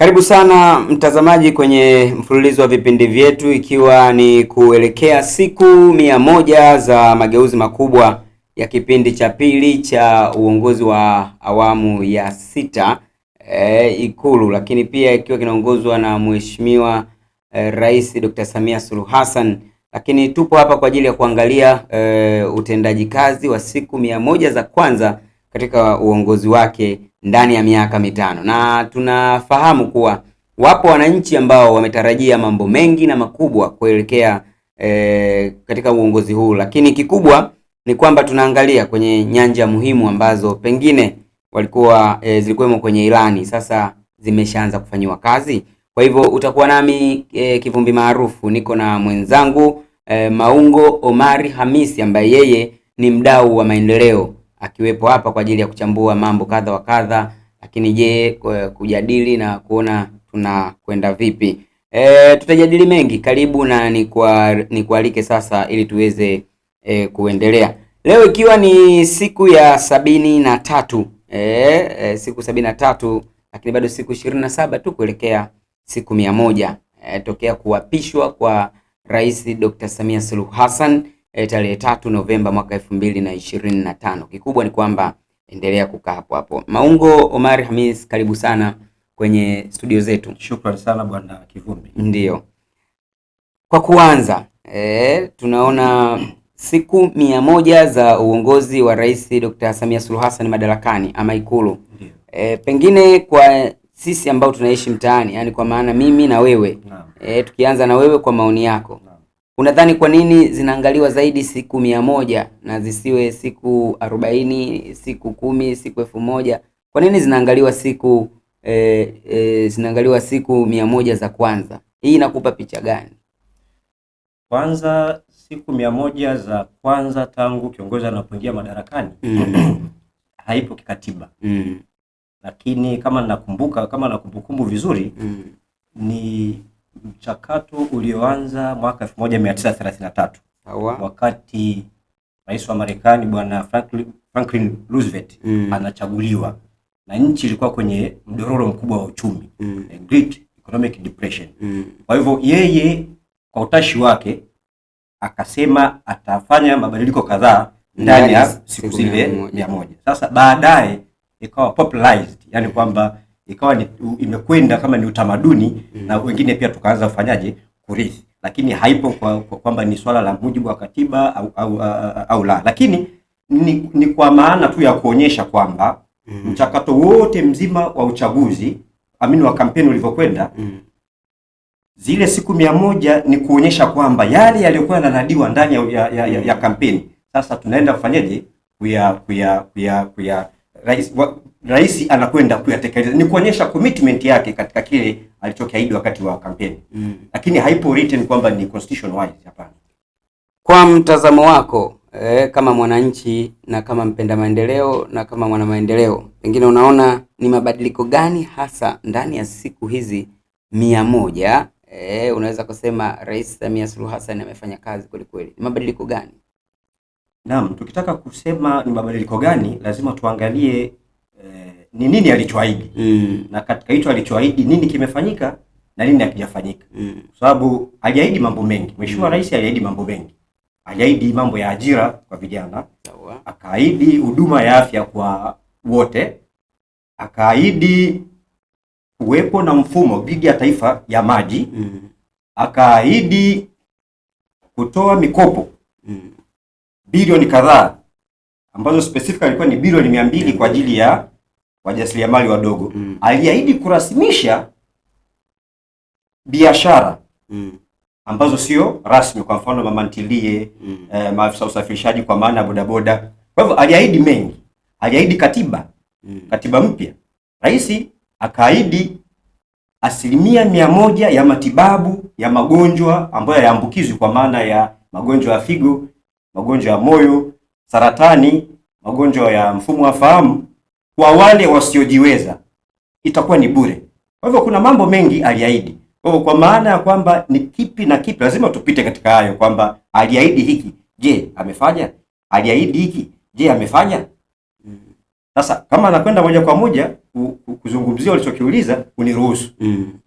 Karibu sana mtazamaji kwenye mfululizo wa vipindi vyetu ikiwa ni kuelekea siku mia moja za mageuzi makubwa ya kipindi cha pili cha uongozi wa awamu ya sita e, Ikulu, lakini pia ikiwa kinaongozwa na Mheshimiwa e, Rais Dr. Samia Suluhu Hassan, lakini tupo hapa kwa ajili ya kuangalia e, utendaji kazi wa siku mia moja za kwanza katika uongozi wake ndani ya miaka mitano, na tunafahamu kuwa wapo wananchi ambao wametarajia mambo mengi na makubwa kuelekea e, katika uongozi huu, lakini kikubwa ni kwamba tunaangalia kwenye nyanja muhimu ambazo pengine walikuwa e, zilikuwemo kwenye ilani, sasa zimeshaanza kufanyiwa kazi. Kwa hivyo utakuwa nami e, Kivumbi maarufu, niko na mwenzangu e, Maungo Omari Hamisi ambaye yeye ni mdau wa maendeleo akiwepo hapa kwa ajili ya kuchambua mambo kadha wa kadha, lakini je, kujadili na kuona tunakwenda vipi. E, tutajadili mengi. Karibu na nikualike sasa ili tuweze e, kuendelea leo, ikiwa ni siku ya sabini na tatu e, e, siku sabini na tatu lakini bado siku ishirini na saba tu kuelekea siku mia moja e, tokea kuapishwa kwa Rais Dr. Samia Suluhu Hassan e, tarehe tatu Novemba mwaka elfu mbili na ishirini na tano. Kikubwa ni kwamba endelea kukaa hapo hapo. Maungo Omar Hamis, karibu sana kwenye studio zetu. Shukrani sana bwana Kivumbi. Ndio, kwa kuanza e, tunaona siku mia moja za uongozi wa Rais Dr. Samia Suluhu Hassan madarakani ama Ikulu. E, pengine kwa sisi ambao tunaishi mtaani, yani kwa maana mimi na wewe e, tukianza na wewe, kwa maoni yako Unadhani kwa nini zinaangaliwa zaidi siku mia moja na zisiwe siku arobaini, siku kumi, siku elfu moja? Kwa nini zinaangaliwa siku e, e, zinaangaliwa siku mia moja za kwanza? Hii inakupa picha gani? Kwanza siku mia moja za kwanza tangu kiongozi anapoingia madarakani mm. haipo kikatiba mm. lakini kama nakumbuka, kama nakumbukumbu vizuri mm. ni mchakato ulioanza mwaka 1933 wakati rais wa Marekani bwana Franklin, Franklin Roosevelt mm. anachaguliwa na nchi ilikuwa kwenye mdororo mkubwa wa uchumi mm. Great Economic Depression mm. kwa hivyo yeye kwa utashi wake akasema atafanya mabadiliko kadhaa ndani ya siku zile mia moja. Sasa baadaye ikawa popularized, yani kwamba ikawa ni, imekwenda kama ni utamaduni mm. na wengine pia tukaanza kufanyaje kurithi, lakini haipo kwamba kwa, kwa ni swala la mujibu wa katiba au, au, au, au la, lakini ni, ni kwa maana tu ya kuonyesha kwamba mm. mchakato wote mzima wa uchaguzi amini wa kampeni ulivyokwenda mm. zile siku mia moja ni kuonyesha kwamba yale yaliyokuwa yananadiwa ndani ya, ya, ya, ya, ya kampeni sasa tunaenda kufanyaje kuya kuya kuya kuya rais rais anakwenda kuyatekeleza, ni kuonyesha commitment yake katika kile alichokiahidi wakati wa kampeni mm. Lakini haipo written kwamba ni constitution wise, hapana. Kwa mtazamo wako eh, kama mwananchi na kama mpenda maendeleo na kama mwana maendeleo, pengine unaona ni mabadiliko gani hasa ndani ya siku hizi mia moja eh, unaweza kusema Rais Samia Suluhu Hassan amefanya kazi kweli kweli, ni mabadiliko gani? Naam, tukitaka kusema ni mabadiliko gani, lazima tuangalie ni nini alichoahidi mm. na katika hicho alichoahidi nini kimefanyika na nini hakijafanyika mm. sababu aliahidi mambo mengi Mheshimiwa mm. Rais aliahidi mambo mengi, aliahidi mambo ya ajira kwa vijana, akaahidi huduma ya afya kwa wote, akaahidi kuwepo na mfumo dhidi ya taifa ya maji mm. akaahidi kutoa mikopo mm. bilioni kadhaa ambazo specifically alikuwa ni bilioni mia mbili mm. kwa ajili ya wajasiriamali wadogo mm. aliahidi kurasimisha biashara mm. ambazo sio rasmi, kwa mfano mama ntilie mm. eh, maafisa usafirishaji kwa maana ya bodaboda. Kwa hivyo aliahidi mengi, aliahidi katiba mm. katiba mpya. Rais akaahidi asilimia mia moja ya matibabu ya magonjwa ambayo yaambukizwi kwa maana ya magonjwa ya figo, magonjwa ya moyo, saratani, magonjwa ya mfumo wa fahamu kwa wale wasiojiweza itakuwa ni bure. Kwa hivyo kuna mambo mengi aliahidi. Kwa hivyo kwa maana ya kwamba ni kipi na kipi, lazima tupite katika hayo, kwamba aliahidi hiki, je, amefanya? Aliahidi hiki, je, amefanya? Sasa kama anakwenda moja kwa moja kuzungumzia ulichokiuliza, uniruhusu mm.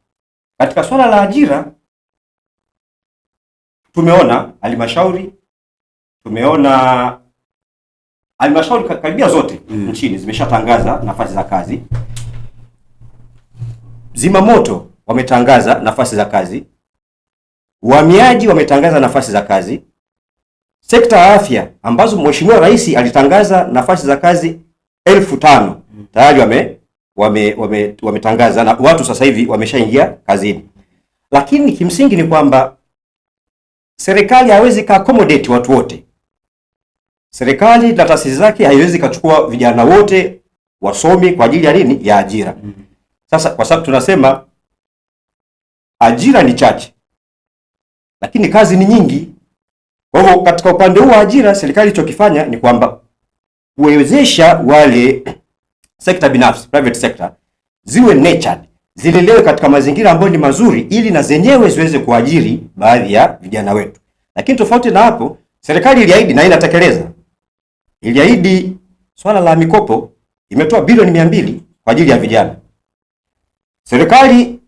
Katika swala la ajira tumeona halmashauri, tumeona halmashauri karibia zote mm. nchini zimeshatangaza nafasi za kazi. Zimamoto wametangaza nafasi za kazi, uhamiaji wametangaza nafasi za kazi, sekta ya afya ambazo Mheshimiwa Rais alitangaza nafasi za kazi elfu tano mm. tayari wame wametangaza wame, wame na watu sasa hivi wameshaingia kazini, lakini kimsingi ni kwamba serikali hawezi ka accommodate watu wote serikali na taasisi zake haiwezi kachukua vijana wote wasomi kwa ajili ya nini? Ya ajira. Mm. Sasa kwa sababu tunasema ajira ni chache, lakini kazi ni nyingi. Kwa hivyo katika upande huu wa ajira, serikali ilichokifanya ni kwamba kuwezesha wale sekta binafsi, private sector ziwe nurtured, zilelewe katika mazingira ambayo ni mazuri, ili na zenyewe ziweze kuajiri baadhi ya vijana wetu. Lakini tofauti na hapo, serikali iliahidi na inatekeleza iliahidi swala la mikopo, imetoa bilioni mia mbili kwa ajili ya vijana. Serikali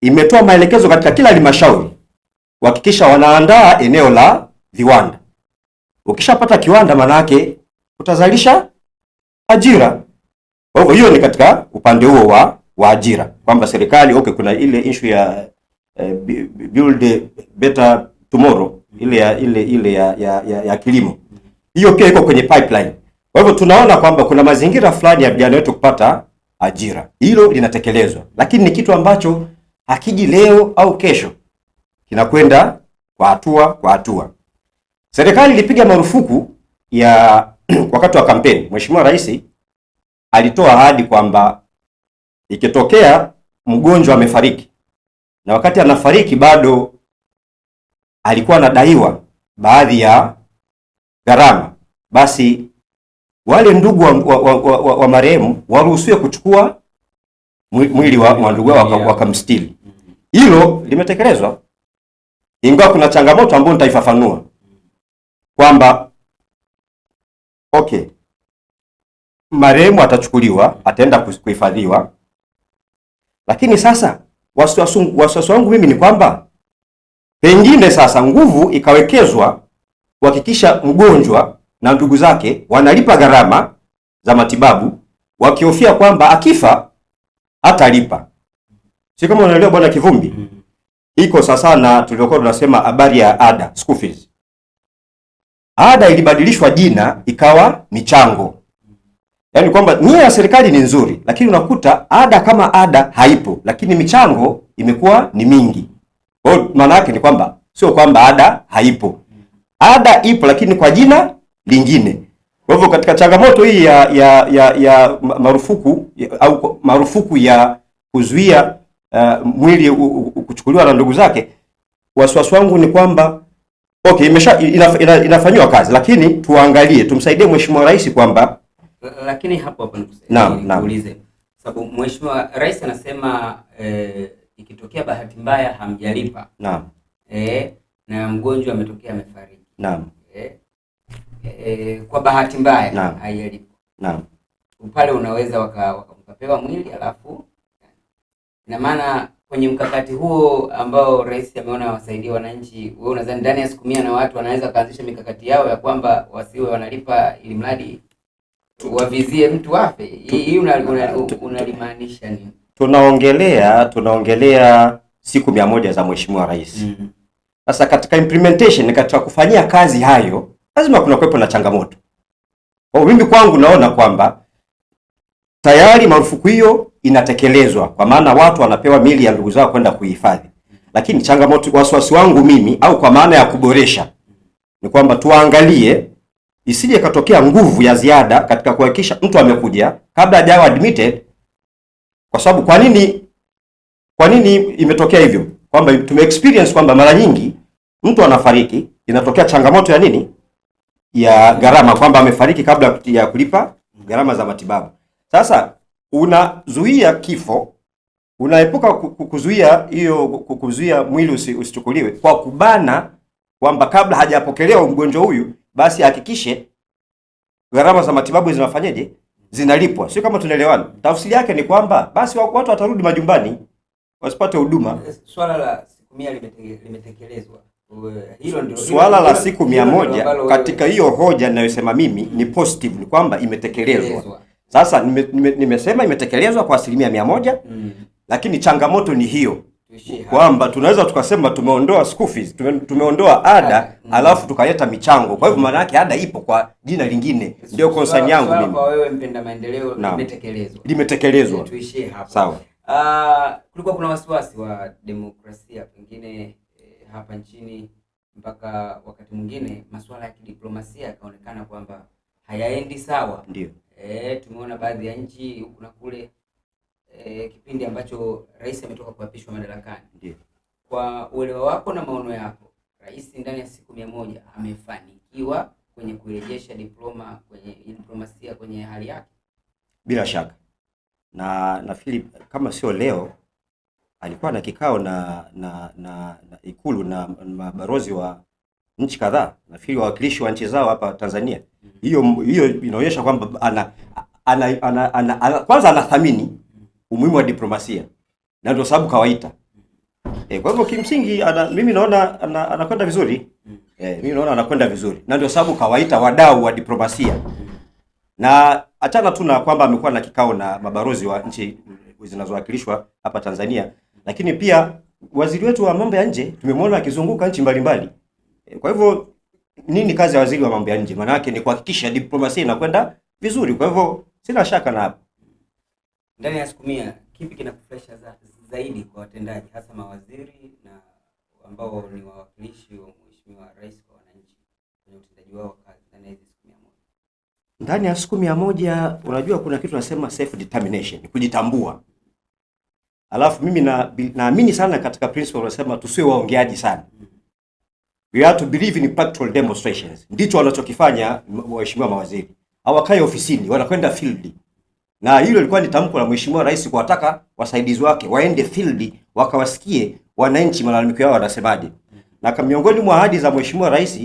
imetoa maelekezo katika kila halmashauri kuhakikisha wanaandaa eneo la viwanda. Ukishapata kiwanda, maana yake utazalisha ajira. Kwa hivyo hiyo ni katika upande huo wa, wa ajira kwamba serikali okay, kuna ile issue ya eh, build better tomorrow ile ya, ile, ile ya, ya, ya, ya kilimo hiyo pia iko kwenye pipeline. Kwa hivyo tunaona kwamba kuna mazingira fulani ya vijana wetu kupata ajira, hilo linatekelezwa, lakini ni kitu ambacho hakiji leo au kesho, kinakwenda kwa hatua kwa hatua. Serikali ilipiga marufuku ya wakati wa kampeni, Mheshimiwa Rais alitoa ahadi kwamba ikitokea mgonjwa amefariki na wakati anafariki bado alikuwa anadaiwa baadhi ya gharama, basi wale ndugu wa, wa, wa, wa, wa, wa marehemu waruhusiwe kuchukua mwili wa, wa ndugu wao wakamstili. Hilo limetekelezwa, ingawa kuna changamoto ambayo nitaifafanua kwamba okay, marehemu atachukuliwa, ataenda kuhifadhiwa, lakini sasa wasiwasi wangu mimi ni kwamba pengine sasa nguvu ikawekezwa kuhakikisha mgonjwa na ndugu zake wanalipa gharama za matibabu wakihofia kwamba akifa hatalipa. Si kama unaelewa bwana Kivumbi? Mm-hmm. Iko sasa na tuliokuwa tunasema habari ya ada, school fees. Ada ilibadilishwa jina ikawa michango. Yaani kwamba nia ya serikali ni nzuri, lakini unakuta ada kama ada haipo, lakini michango imekuwa ni mingi. Kwa maana yake ni kwamba sio kwamba ada haipo, ada ipo, lakini kwa jina lingine. Kwa hivyo katika changamoto hii ya ya ya, ya marufuku ya, au marufuku ya kuzuia uh, mwili kuchukuliwa na ndugu zake, wasiwasi wangu ni kwamba okay, imesha inaf, ina, inafanywa kazi, lakini tuangalie, tumsaidie mheshimiwa rais kwamba lakini hapo hapo nikuulize, sababu mheshimiwa rais anasema eh, ikitokea bahati mbaya hamjalipa naam, eh, na mgonjwa ametokea amefariki Naam. E, e, kwa bahati mbaya haiyalipo. Naam. Pale unaweza wakapewa mwili alafu ina maana kwenye mkakati huo ambao rais ameona wasaidie wananchi, wewe unadhani ndani ya siku mia na watu wanaweza wakaanzisha mikakati yao ya kwamba wasiwe wanalipa ili mradi wavizie mtu afe? Hii unalimaanisha nini? Tunaongelea tunaongelea siku mia moja za mheshimiwa rais mm -hmm. Sasa katika implementation, katika kufanyia kazi hayo, lazima kuna kuwepo na changamoto. Kwa mimi kwangu naona kwamba tayari marufuku hiyo inatekelezwa, kwa maana watu wanapewa mili ya ndugu zao kwenda kuhifadhi lakini changamoto, wasiwasi wangu mimi au kwa maana ya kuboresha ni kwamba tuangalie isije katokea nguvu ya ziada katika kuhakikisha mtu amekuja kabla hajawa admitted, kwa sababu kwa nini, kwa nini imetokea hivyo? kwamba tume experience kwamba mara nyingi mtu anafariki, inatokea changamoto ya nini, ya gharama, kwamba amefariki kabla ya kulipa gharama za matibabu. Sasa unazuia kifo, unaepuka kuzuia hiyo, kuzuia mwili usichukuliwe kwa kubana kwamba kabla hajapokelewa mgonjwa huyu, basi hakikishe gharama za matibabu zinafanyaje, zinalipwa. Sio kama tunaelewana? Tafsiri yake ni kwamba basi watu watarudi majumbani wasipate huduma. Swala la siku mia limetekelezwa, hilo ndio swala la siku mia moja katika hiyo hoja ninayosema mimi ni positive, ni kwamba imetekelezwa. Sasa nimesema nime, nime imetekelezwa kwa asilimia mia moja mm. Lakini changamoto ni hiyo kwamba tunaweza tukasema tumeondoa school fees, tume, tumeondoa ada mm. alafu tukaleta michango. Kwa hivyo maana yake ada ipo kwa jina lingine, ndio concern yangu mimi. Kwa wewe mpenda maendeleo, limetekelezwa, limetekelezwa. Tuishie hapo. Sawa. Ah, kulikuwa kuna wasiwasi wa demokrasia pengine eh, hapa nchini mpaka wakati mwingine masuala ya kidiplomasia yakaonekana kwamba hayaendi sawa. Ndio. eh, tumeona baadhi ya nchi huku na kule eh, kipindi ambacho rais ametoka kuapishwa madarakani. Ndio. Kwa uelewa wako na maono yako, rais ndani ya siku mia moja amefanikiwa kwenye kurejesha diploma kwenye diplomasia kwenye hali yake? Bila shaka na nafikiri kama sio leo alikuwa na kikao na, na, na, na Ikulu na mabalozi wa nchi kadhaa, nafikiri wawakilishi wa nchi zao hapa Tanzania. Hiyo hiyo inaonyesha kwamba ana, ana, ana, ana, ana, ana, kwanza anathamini umuhimu wa diplomasia na ndio sababu kawaita e. Kwa hivyo kimsingi ana, mimi naona anakwenda ana vizuri e, mimi naona anakwenda vizuri na ndio sababu kawaita wadau wa diplomasia. Na achana tu na kwamba amekuwa na kikao na mabalozi wa nchi zinazowakilishwa hapa Tanzania, lakini pia waziri wetu wa mambo ya nje tumemwona akizunguka nchi mbalimbali. Kwa hivyo nini kazi ya waziri wa mambo ya nje? Maana yake ni kuhakikisha diplomasia inakwenda vizuri. Kwa hivyo sina shaka na hapo. Ndani ya siku mia, kipi kinakufurahisha zaidi kwa watendaji hasa mawaziri na ambao ni wawakilishi wa mheshimiwa rais kwa wananchi kwenye utendaji wao kazi? ndani ya siku mia moja unajua kuna kitu nasema self determination, kujitambua. Alafu mimi naamini na sana katika principle unasema tusiwe waongeaji sana. We have to believe in practical demonstrations. Ndicho wanachokifanya waheshimiwa mawaziri. Hawakai ofisini, wanakwenda field. Na hilo lilikuwa ni tamko la Mheshimiwa Rais kuwataka wasaidizi wake waende field wakawasikie wananchi malalamiko yao wanasemaje. Na miongoni mwa ahadi za Mheshimiwa Rais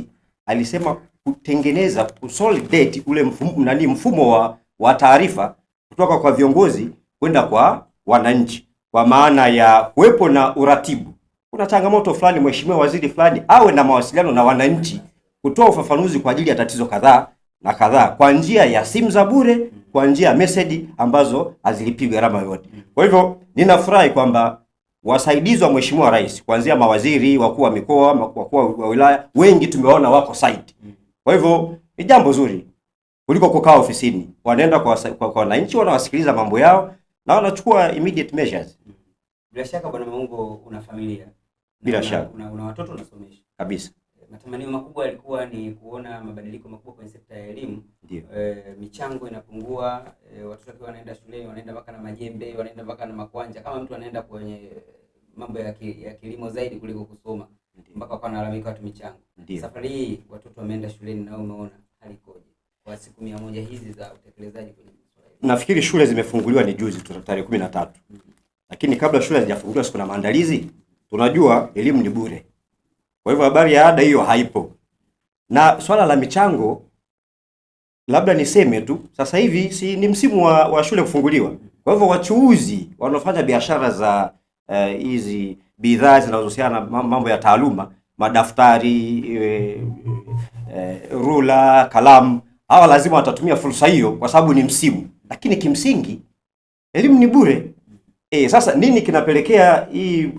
alisema kutengeneza kusolidate ule mfumo, nani mfumo wa, wa taarifa kutoka kwa viongozi kwenda kwa wananchi, kwa maana ya kuwepo na uratibu. Kuna changamoto fulani, mheshimiwa waziri fulani awe na mawasiliano na wananchi, kutoa ufafanuzi kwa ajili ya tatizo kadhaa na kadhaa, kwa njia ya simu za bure, kwa njia ya message ambazo hazilipi gharama yoyote. Kwa hivyo ninafurahi kwamba wasaidizi wa mheshimiwa rais, kuanzia mawaziri, wakuu wa mikoa, wakuu wa wilaya, wengi tumeona wako site kwa hivyo ni jambo zuri kuliko kukaa ofisini. Wanaenda kwa wananchi, wanawasikiliza mambo yao na wanachukua immediate measures. Bila shaka Bwana Maungo, una familia, bila shaka una, una watoto unasomesha kabisa. Matamanio makubwa yalikuwa ni kuona mabadiliko makubwa kwenye sekta ya elimu. Ndio. E, michango inapungua. E, watoto wakiwa wanaenda shule wanaenda mpaka na majembe, wanaenda mpaka na makwanja, kama mtu anaenda kwenye mambo ya, ki, ya kilimo zaidi kuliko kusoma mpaka kwa wanalalamika watu michango. Safari hii watoto wameenda shuleni, na umeona hali ikoje kwa siku mia moja hizi za utekelezaji kwenye masuala Nafikiri shule zimefunguliwa ni juzi tu tarehe kumi na tatu mm -hmm. Lakini kabla shule hazijafunguliwa siku na maandalizi, tunajua elimu ni bure, kwa hivyo habari ya ada hiyo haipo. Na swala la michango labda niseme tu sasa hivi si ni msimu wa, wa shule kufunguliwa. Kwa hivyo wachuuzi wanaofanya biashara za eh, hizi uh, bidhaa zinazohusiana na mambo ya taaluma, madaftari, e, e, e, rula, kalamu, hawa lazima watatumia fursa hiyo kwa sababu ni msimu, lakini kimsingi elimu ni bure. E, sasa nini kinapelekea hii e,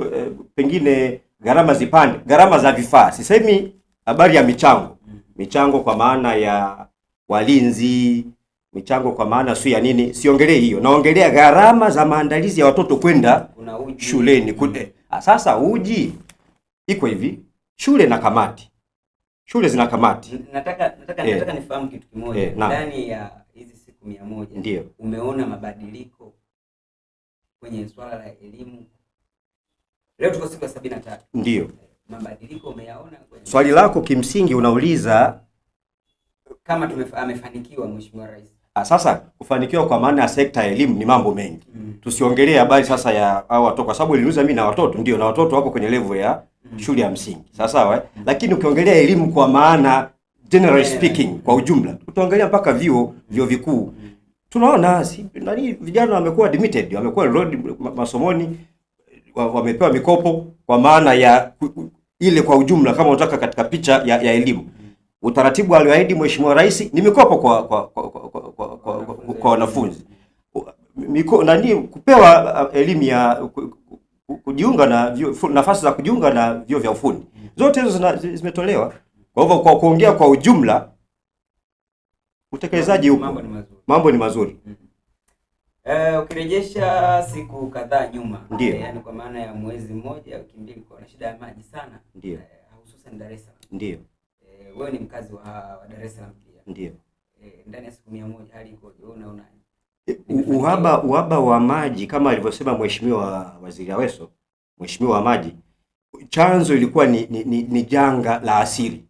pengine gharama zipande? Gharama za vifaa, sisemi habari ya michango, michango kwa maana ya walinzi michango kwa maana sio ya nini, siongelee hiyo, naongelea gharama za maandalizi ya watoto kwenda shuleni kule, Ah, sasa uji iko hivi, shule na kamati, shule zina kamati. Nataka nataka eh, nataka nifahamu kitu kimoja eh, ndani ya hizi siku mia moja ndio umeona mabadiliko kwenye swala la elimu. Leo tuko siku ya sabini na tatu ndio mabadiliko umeyaona kwenye... swali lako kimsingi unauliza kama tumefanikiwa mheshimiwa rais. Ah, sasa kufanikiwa kwa maana ya sekta ya elimu ni mambo mengi mm tusiongelee habari sasa ya hao watoto, kwa sababu iliniuza mimi na watoto ndio, na watoto wako kwenye level ya mm. shule ya msingi sawa sawa eh? Mm. Lakini ukiongelea elimu kwa maana generally speaking, kwa ujumla, tutaangalia mpaka vyuo vyuo vikuu mm. tunaona si nani vijana wamekuwa admitted wamekuwa enrolled masomoni wamepewa mikopo kwa maana ya ile kwa ujumla, kama unataka katika picha ya, ya elimu utaratibu alioahidi Mheshimiwa Rais ni mikopo kwa kwa kwa wanafunzi kwa, kwa, kwa, kwa, kwa, kwa, kwa, kwa, kwa, kwa, kwa, miko, nani kupewa uh, elimu ya kujiunga na nafasi za kujiunga na vyuo vya ufundi zote hizo zimetolewa. Kwa hivyo kwa kuongea kwa ujumla, utekelezaji huko mambo ni mazuri. Uh, ukirejesha siku kadhaa nyuma, yani kwa maana ya mwezi mmoja au mbili, kwa shida ya maji sana, ndio eh, hususan uh, Dar es Salaam, ndio uh, wewe ni mkazi wa, wa Dar es Salaam pia, ndio uh, ndani ya siku 100 hali iko unaona uhaba uhaba wa maji kama alivyosema Mheshimiwa Waziri Aweso, mheshimiwa wa maji, chanzo ilikuwa ni, ni, ni, ni janga la asili,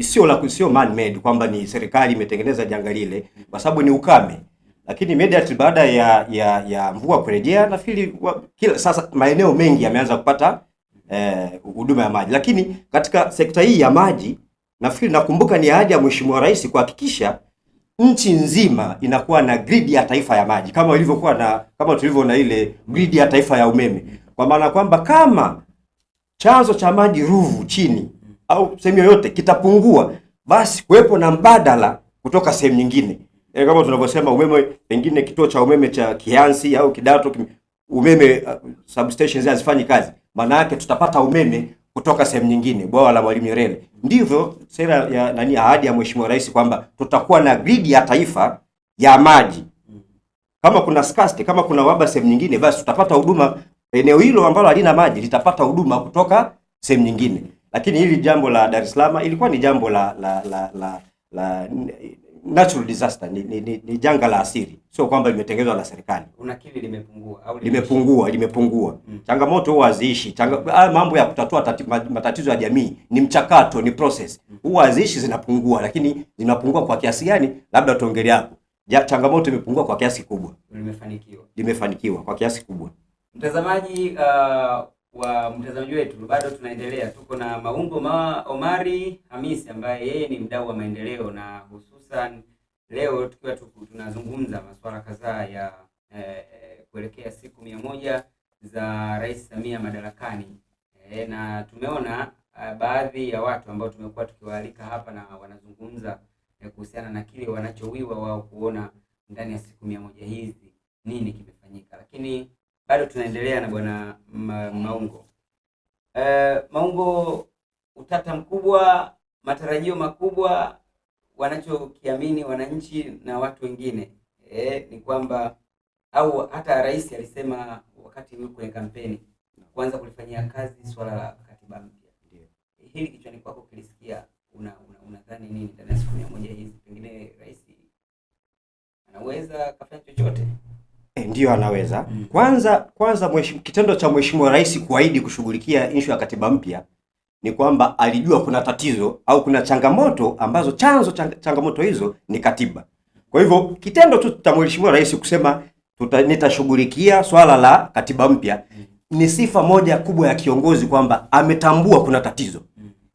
sio la sio man made, kwamba ni serikali imetengeneza janga lile, kwa sababu ni ukame. Lakini immediately baada ya ya, ya mvua kurejea, nafikiri kila sasa maeneo mengi yameanza kupata eh, huduma eh, ya maji. Lakini katika sekta hii ya maji, nafikiri nakumbuka ni ahadi ya mheshimiwa rais kuhakikisha nchi nzima inakuwa na gridi ya taifa ya maji kama ilivyokuwa na kama tulivyo na ile gridi ya taifa ya umeme, kwa maana kwamba kama chanzo cha maji Ruvu chini au sehemu yoyote kitapungua, basi kuwepo na mbadala kutoka sehemu nyingine. E, kama tunavyosema umeme, pengine kituo cha umeme cha Kiansi au Kidato umeme uh, substations hazifanyi kazi, maana yake tutapata umeme kutoka sehemu nyingine, bwawa la Mwalimu Nyerere. Ndivyo sera ya nani, ahadi ya Mheshimiwa Rais kwamba tutakuwa na gridi ya taifa ya maji. Kama kuna scarcity, kama kuna uhaba sehemu nyingine, basi tutapata huduma eneo hilo ambalo halina maji litapata huduma kutoka sehemu nyingine. Lakini hili jambo la Dar es Salaam ilikuwa ni jambo la la la, la, la natural disaster ni, ni, ni, ni janga la asili, sio kwamba limetengenezwa na serikali. Unakiri limepungua au limepungua? Limepungua. Mm. Changamoto huwa haziishi. Changa, mambo ya kutatua tati, matatizo ya jamii ni mchakato, ni process. Mm. Huwa haziishi, zinapungua, lakini zinapungua kwa kiasi gani? Labda tuongelee hapo. Ja, changamoto imepungua kwa kiasi kubwa. Limefanikiwa. Limefanikiwa kwa kiasi kubwa. Mtazamaji uh wa mtazamaji wetu bado tunaendelea, tuko na Maungo ma Omari Hamisi ambaye yeye ni mdau wa maendeleo na hususi hususan leo tukiwa tunazungumza masuala kadhaa ya eh, kuelekea siku mia moja za Rais Samia madarakani eh, na tumeona eh, baadhi ya watu ambao tumekuwa tukiwaalika hapa na wanazungumza eh, kuhusiana na kile wanachowiwa wao kuona ndani ya siku mia moja hizi nini kimefanyika, lakini bado tunaendelea na bwana ma, Maungo eh, Maungo, utata mkubwa, matarajio makubwa wanachokiamini wananchi na watu wengine e, ni kwamba au hata rais alisema wakati huo kwenye kampeni kuanza kulifanyia kazi swala la katiba mpya. Ndio hili kichwani kwako kilisikia, una unadhani una nini ndani ya siku mia moja hizi, pengine rais anaweza kafanya chochote? E, ndiyo anaweza. Mm. Kwanza kwanza mheshimiwa, kitendo cha mheshimiwa rais kuahidi kushughulikia issue ya katiba mpya ni kwamba alijua kuna tatizo au kuna changamoto ambazo chanzo chang changamoto hizo ni katiba. Kwa hivyo kitendo tu cha Mheshimiwa Rais kusema tuta, nitashughulikia swala la katiba mpya ni sifa moja kubwa ya kiongozi kwamba ametambua kuna tatizo.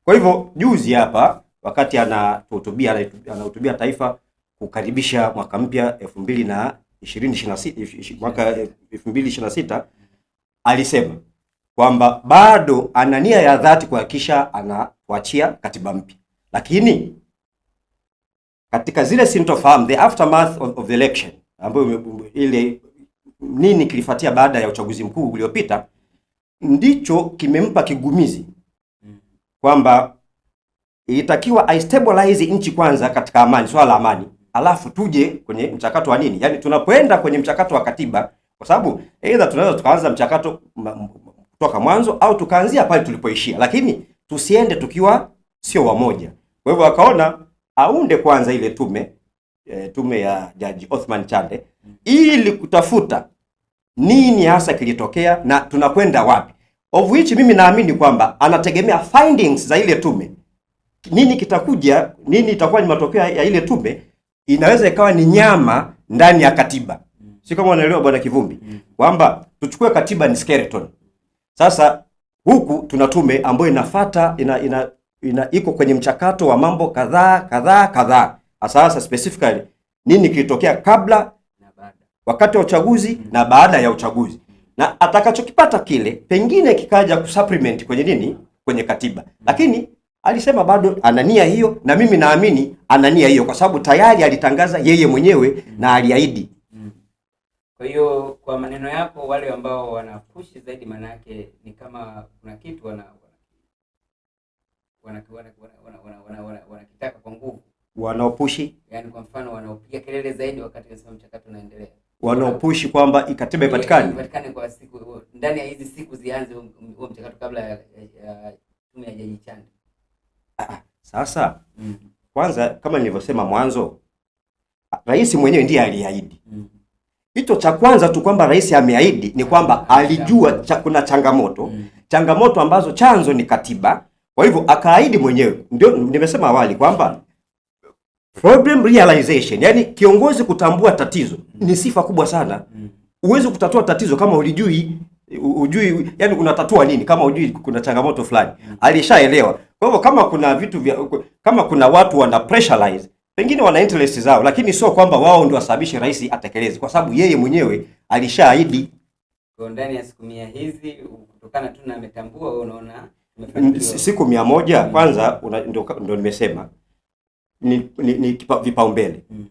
Kwa hivyo juzi hapa wakati anahutubia anahutubia taifa kukaribisha mwaka mpya 2026 mwaka 2026 alisema kwamba bado ana nia ya dhati kuhakikisha anawachia katiba mpya, lakini katika zile sintofahamu, the aftermath of, of the election, ambayo ile nini kilifuatia baada ya uchaguzi mkuu uliopita, ndicho kimempa kigumizi kwamba ilitakiwa stabilize nchi kwanza katika amani, swala la amani, alafu tuje kwenye mchakato wa nini, yani tunapoenda kwenye mchakato wa katiba, kwa sababu aidha tunaweza tukaanza mchakato kutoka mwanzo au tukaanzia pale tulipoishia, lakini tusiende tukiwa sio wamoja. Kwa hivyo akaona aunde kwanza ile tume e, tume ya Jaji Othman Chande ili kutafuta nini hasa kilitokea na tunakwenda wapi, of which mimi naamini kwamba anategemea findings za ile tume. Nini kitakuja, nini itakuwa ni matokeo ya ile tume, inaweza ikawa ni nyama ndani ya katiba. Si kama unaelewa Bwana Kivumbi, mm. kwamba tuchukue katiba ni skeleton sasa huku tuna tume ambayo inafata ina, ina, ina iko kwenye mchakato wa mambo kadhaa kadhaa kadhaa. Sasa specifically nini kilitokea kabla na baada, wakati wa uchaguzi mm, na baada ya uchaguzi mm, na atakachokipata kile pengine kikaja kusupplement kwenye nini, kwenye katiba mm, lakini alisema bado ana nia hiyo, na mimi naamini ana nia hiyo kwa sababu tayari alitangaza yeye mwenyewe mm, na aliahidi kwa hiyo kwa maneno yako, wale ambao wanapushi zaidi, maana yake ni kama kuna kitu wana wanakitaka kwa nguvu, wanaopushi yani, kwa mfano wanaopiga kelele zaidi wakati unasema mchakato unaendelea, wanaopushi kwamba ikatiba ipatikane ipatikane kwa siku ndani ya hizi siku zianze huo mchakato kabla ya tume haijajichanja. Sasa mm. Kwanza kama nilivyosema mwanzo, rais mwenyewe ndiye aliahidi mm. Hicho cha kwanza tu kwamba rais ameahidi ni kwamba alijua cha, kuna changamoto mm. changamoto ambazo chanzo ni katiba, kwa hivyo akaahidi mwenyewe. Ndio nimesema awali kwamba problem realization, yani kiongozi kutambua tatizo ni sifa kubwa sana. Mm. Huwezi kutatua tatizo kama ulijui ujui, yani unatatua nini kama ujui kuna changamoto fulani. Mm. Alishaelewa. Kwa hivyo kama kuna vitu vya, kama kuna watu wana pressurize pengine wana interest zao, lakini sio kwamba wao ndio wasababishe rais atekeleze, kwa sababu yeye mwenyewe alishaahidi ndani ya siku mia hizi, kutokana tu na ametambua. Wewe unaona mm, siku mia moja Kwanza ndio nimesema ni, ni, ni vipaumbele mm.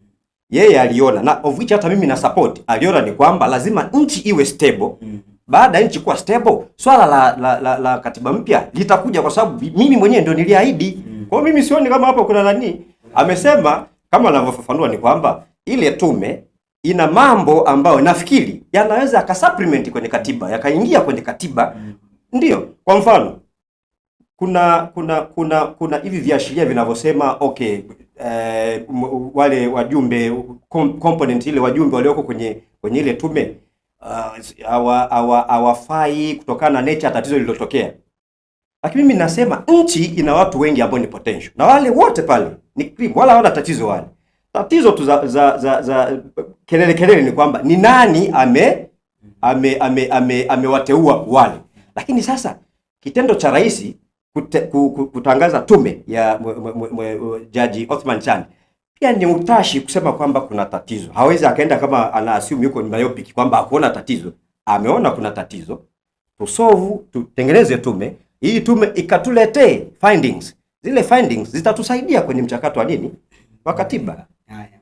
Yeye aliona na of which hata mimi na support, aliona ni kwamba lazima nchi iwe stable mm. Baada ya nchi kuwa stable, swala la, la, la, la katiba mpya litakuja, kwa sababu mimi mwenyewe ndio niliahidi mm. Kwa hiyo mimi sioni kama hapo kuna nani Amesema kama anavyofafanua ni kwamba ile tume ina mambo ambayo nafikiri yanaweza yakasupplement kwenye katiba yakaingia kwenye katiba mm. kwa mfano kuna kuna kuna kuna hivi viashiria vinavyosema okay, eh, wale wajumbe kom, component ile wajumbe walioko kwenye kwenye ile tume uh, hawafai uh, kutokana na nature tatizo lililotokea, lakini mimi nasema nchi ina watu wengi ambao ni potential na wale wote pale ni krimu, wala hawana tatizo wale. Tatizo tu za, za, za, za kelele kelele ni kwamba ni nani ame amewateua ame, ame, ame wale. Lakini sasa kitendo cha rais kutangaza tume ya Jaji Othman Chan pia ni utashi kusema kwamba kuna tatizo. Hawezi akaenda kama assume yuko myopic kwamba hakuona tatizo. Ameona kuna tatizo, tusovu, tutengeneze tume, hii tume ikatuletee findings zile findings zitatusaidia kwenye mchakato wa nini wa katiba. Haya,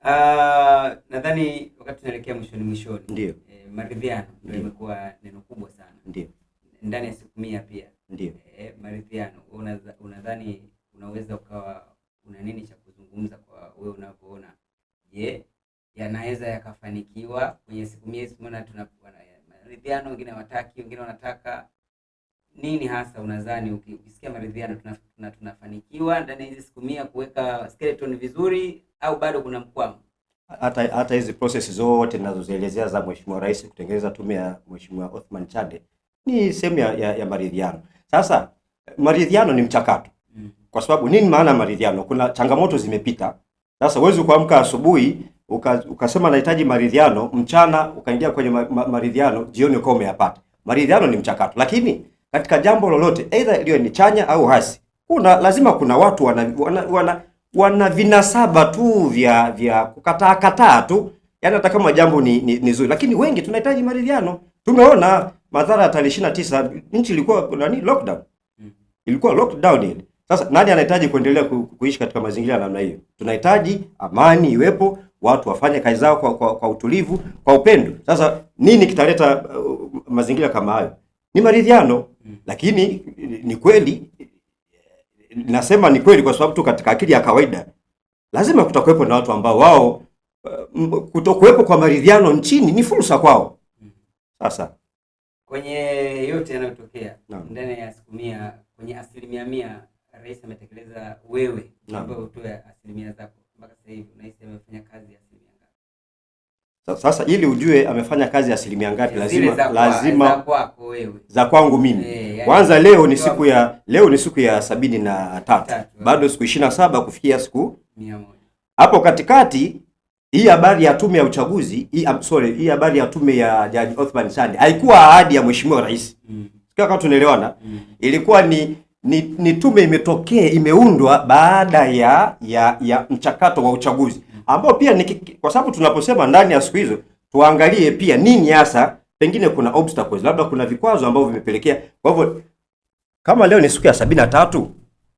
uh, nadhani wakati tunaelekea mwishoni mwishoni, ndio e, maridhiano ndio imekuwa neno kubwa sana, ndio ndani ya siku mia pia ndio e, maridhiano. Unadhani unaweza ukawa una nini cha kuzungumza kwa wewe unavyoona, je, yanaweza yakafanikiwa kwenye siku mia hizi? Maana tuna maridhiano, wengine hawataki, wengine wanataka nini hasa unadhani ukisikia maridhiano tuna, tunafanikiwa ndani ya hizi siku mia kuweka skeleton vizuri au bado kuna mkwamo? Hata hata hizi process zote ninazozielezea za Mheshimiwa Rais kutengeneza tume ya Mheshimiwa Othman Chande ni sehemu ya, ya, ya maridhiano. Sasa maridhiano ni mchakato mm. Kwa sababu nini maana maridhiano? Kuna changamoto zimepita. Sasa huwezi kuamka asubuhi ukasema uka, nahitaji maridhiano, mchana ukaingia kwenye ma, ma, maridhiano, jioni ukawa umeyapata. Maridhiano ni mchakato, lakini katika jambo lolote, aidha iliyo ni chanya au hasi, kuna lazima kuna watu wana, wana, wana, wana vinasaba tu vya vya kukataa kataa tu, yani hata kama jambo ni, ni, ni zuri, lakini wengi tunahitaji maridhiano. Tumeona madhara ya tarehe ishirini nchi ilikuwa nani, lockdown mm-hmm. ilikuwa lockdown ile. Sasa nani anahitaji kuendelea ku, kuishi katika mazingira ya namna hiyo? Tunahitaji amani iwepo, watu wafanye kazi zao kwa, kwa, kwa utulivu, kwa upendo. Sasa nini kitaleta uh, mazingira kama hayo? ni maridhiano mm. Lakini ni kweli, nasema ni kweli kwa sababu tu katika akili ya kawaida lazima kutakuwepo na watu ambao wao eh, kutokuwepo kwa maridhiano nchini ni fursa kwao. Mm. Sasa kwenye yote yanayotokea ndani ya siku mia, kwenye asilimia mia rais ametekeleza, wewe ambao utoe asilimia zako mpaka sasa hivi, unahisi amefanya kazi ya sasa ili ujue amefanya kazi asilimia ngapi, lazima za kwa, lazima za, kwako wewe. za kwangu mimi e, kwanza leo ni siku ya leo ni siku ya sabini na tatu eh. bado siku ishirini na saba kufikia siku Hapo katikati hii habari ya tume ya uchaguzi hii, I'm ah, sorry, hii habari ya tume ya Jaji Othman Sandi haikuwa ahadi ya mheshimiwa rais mm. kama tunaelewana mm. ilikuwa ni ni, ni tume imetokea imeundwa baada ya ya, ya mchakato wa uchaguzi ambao pia ni kwa sababu tunaposema ndani ya siku hizo, tuangalie pia nini hasa, pengine kuna obstacles, labda kuna vikwazo ambavyo vimepelekea. Kwa hivyo kama leo ni siku ya sabini na tatu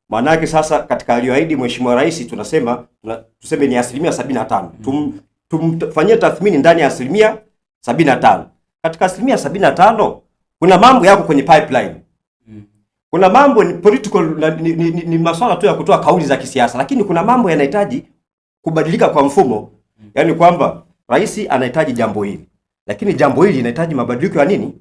maana sasa katika aliyoahidi Mheshimiwa Rais tunasema tuna, tuseme ni asilimia sabini na tano mm. tumfanyie tum, tathmini ndani ya asilimia sabini na tano Katika asilimia sabini na tano kuna mambo yako kwenye pipeline mm. kuna mambo ni political ni, ni, ni, ni masuala tu ya kutoa kauli za kisiasa, lakini kuna mambo yanahitaji kubadilika kwa mfumo, yaani kwamba rais anahitaji jambo hili, lakini jambo hili linahitaji mabadiliko ya nini?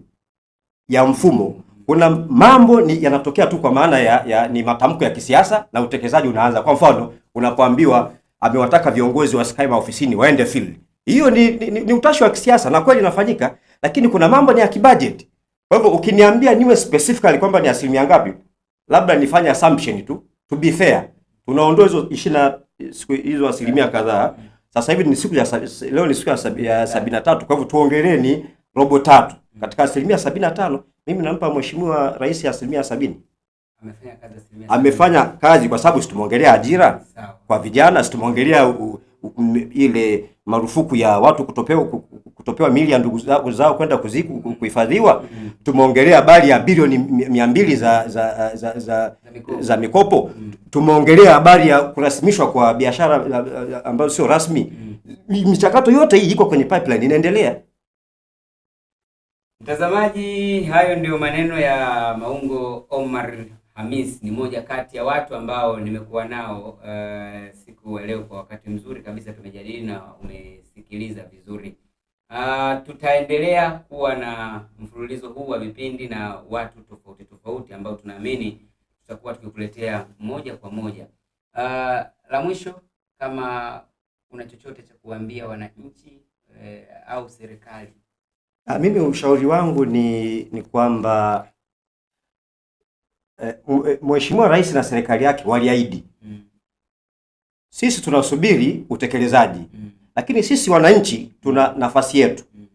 Ya mfumo. Kuna mambo ni yanatokea tu kwa maana ya, ya ni matamko ya kisiasa na utekelezaji unaanza. Kwa mfano, unapoambiwa amewataka viongozi wasikae maofisini waende field, hiyo ni, ni, ni ni utashi wa kisiasa na kweli inafanyika, lakini kuna mambo ni ya kibudget. Kwa hivyo ukiniambia niwe specifically kwamba ni asilimia ngapi, labda nifanye assumption tu, to be fair, tunaondoa hizo ishirini hizo asilimia kadhaa. Sasa hivi ni siku ya leo ni siku ya sabi, sabini na tatu. Kwa hivyo tuongeleni robo tatu katika asilimia sabini na tano. Mimi nampa mheshimiwa rais asilimia sabini amefanya kazi, amefanya kazi kwa sababu situmongelea ajira kwa vijana situmongelea ile marufuku ya watu kutopewa, kutopewa mili ya ndugu zao, zao kwenda kuziku kuhifadhiwa. Tumeongelea habari ya bilioni mia mbili za, za, za, za, za mikopo. Tumeongelea habari ya kurasimishwa kwa biashara ambayo sio rasmi. Michakato yote hii iko kwenye pipeline inaendelea. Mtazamaji, hayo ndio maneno ya Maungo Omar Hamis ni moja kati ya watu ambao nimekuwa nao uh, siku ya leo kwa wakati mzuri kabisa, tumejadili na umesikiliza vizuri. Uh, tutaendelea kuwa na mfululizo huu wa vipindi na watu tofauti tofauti ambao tunaamini tutakuwa tukikuletea moja kwa moja. Uh, la mwisho, kama kuna chochote cha kuambia wananchi uh, au serikali. Uh, mimi ushauri wangu ni ni kwamba Eh, eh, Mheshimiwa Rais na serikali yake waliahidi mm. Sisi tunasubiri utekelezaji mm. Lakini sisi wananchi tuna nafasi yetu mm.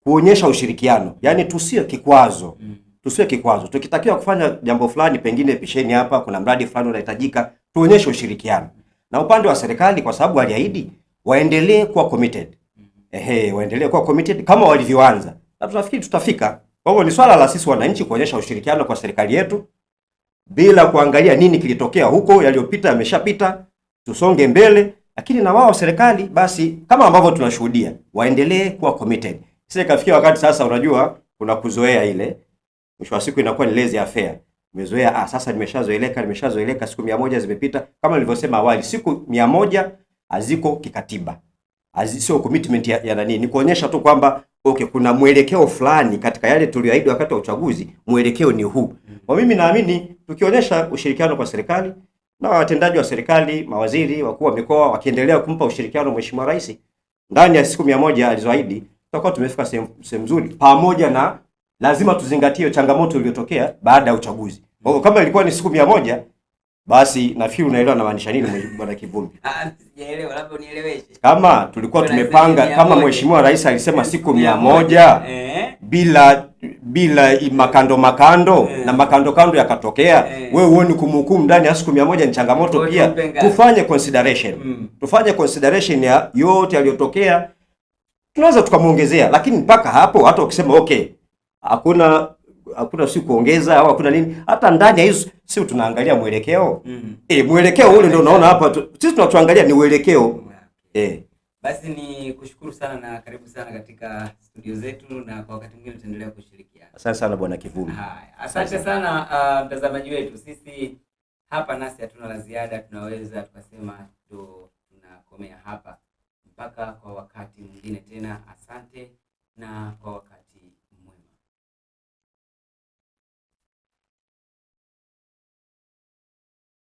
kuonyesha ushirikiano, yaani tusiwe kikwazo mm. tusiwe kikwazo. Tukitakiwa kufanya jambo fulani, pengine pisheni hapa, kuna mradi fulani unahitajika, tuonyeshe ushirikiano na upande wa serikali, kwa sababu waliahidi waendelee kuwa committed mm. Ehe, waendelee kuwa committed kama walivyoanza, na tunafikiri tutafika. Kwa hivyo ni swala la sisi wananchi kuonyesha ushirikiano kwa serikali yetu bila kuangalia nini kilitokea huko, yaliyopita yameshapita, tusonge mbele, lakini na wao serikali basi, kama ambavyo tunashuhudia, waendelee kuwa committed. Sasa ikafikia wakati sasa, unajua kuna kuzoea ile, mwisho wa siku inakuwa ni lazy affair. Nimezoea ah, sasa nimeshazoeleka, nimeshazoeleka, siku mia moja zimepita. Kama nilivyosema awali, siku mia moja haziko kikatiba sio commitment ya, ya nani, ni kuonyesha tu kwamba okay, kuna mwelekeo fulani katika yale tuliyoahidi wakati wa uchaguzi, mwelekeo ni huu. Kwa mimi naamini tukionyesha ushirikiano kwa serikali na watendaji wa serikali, mawaziri, wakuu wa mikoa wakiendelea kumpa ushirikiano Mheshimiwa Rais, ndani ya siku mia moja alizoahidi tutakuwa tumefika sehemu nzuri, pamoja na lazima tuzingatie changamoto iliyotokea baada ya uchaguzi. kama ilikuwa ni siku mia moja basi nafikiri unaelewa namaanisha nini bwana Kivumbi. Ah, sijaelewa, labda unieleweshe. Kama tulikuwa tumepanga kama Mheshimiwa Rais alisema siku mia moja eh, bila bila makando makando eh, na makando kando yakatokea eh, wewe huoni kumhukumu ndani ya siku mia moja ni changamoto pia Tufanye consideration mm, tufanye consideration ya yote yaliyotokea, tunaweza tukamwongezea, lakini mpaka hapo hata ukisema okay hakuna hakuna si kuongeza au hakuna nini. Hata ndani ya hizo si tunaangalia mwelekeo mm -hmm. Eh, mwelekeo ule ndio unaona hapa sisi tunachoangalia ni mwelekeo uelekeo eh. Basi ni kushukuru sana na karibu sana katika studio zetu, na kwa wakati mwingine tutaendelea kushirikiana. Asante sana bwana Kivumi. Haya, asante sana uh, mtazamaji wetu. Sisi hapa nasi hatuna la ziada, tunaweza tukasema ndo tunakomea hapa mpaka kwa wakati mwingine tena. Asante na kwa wakati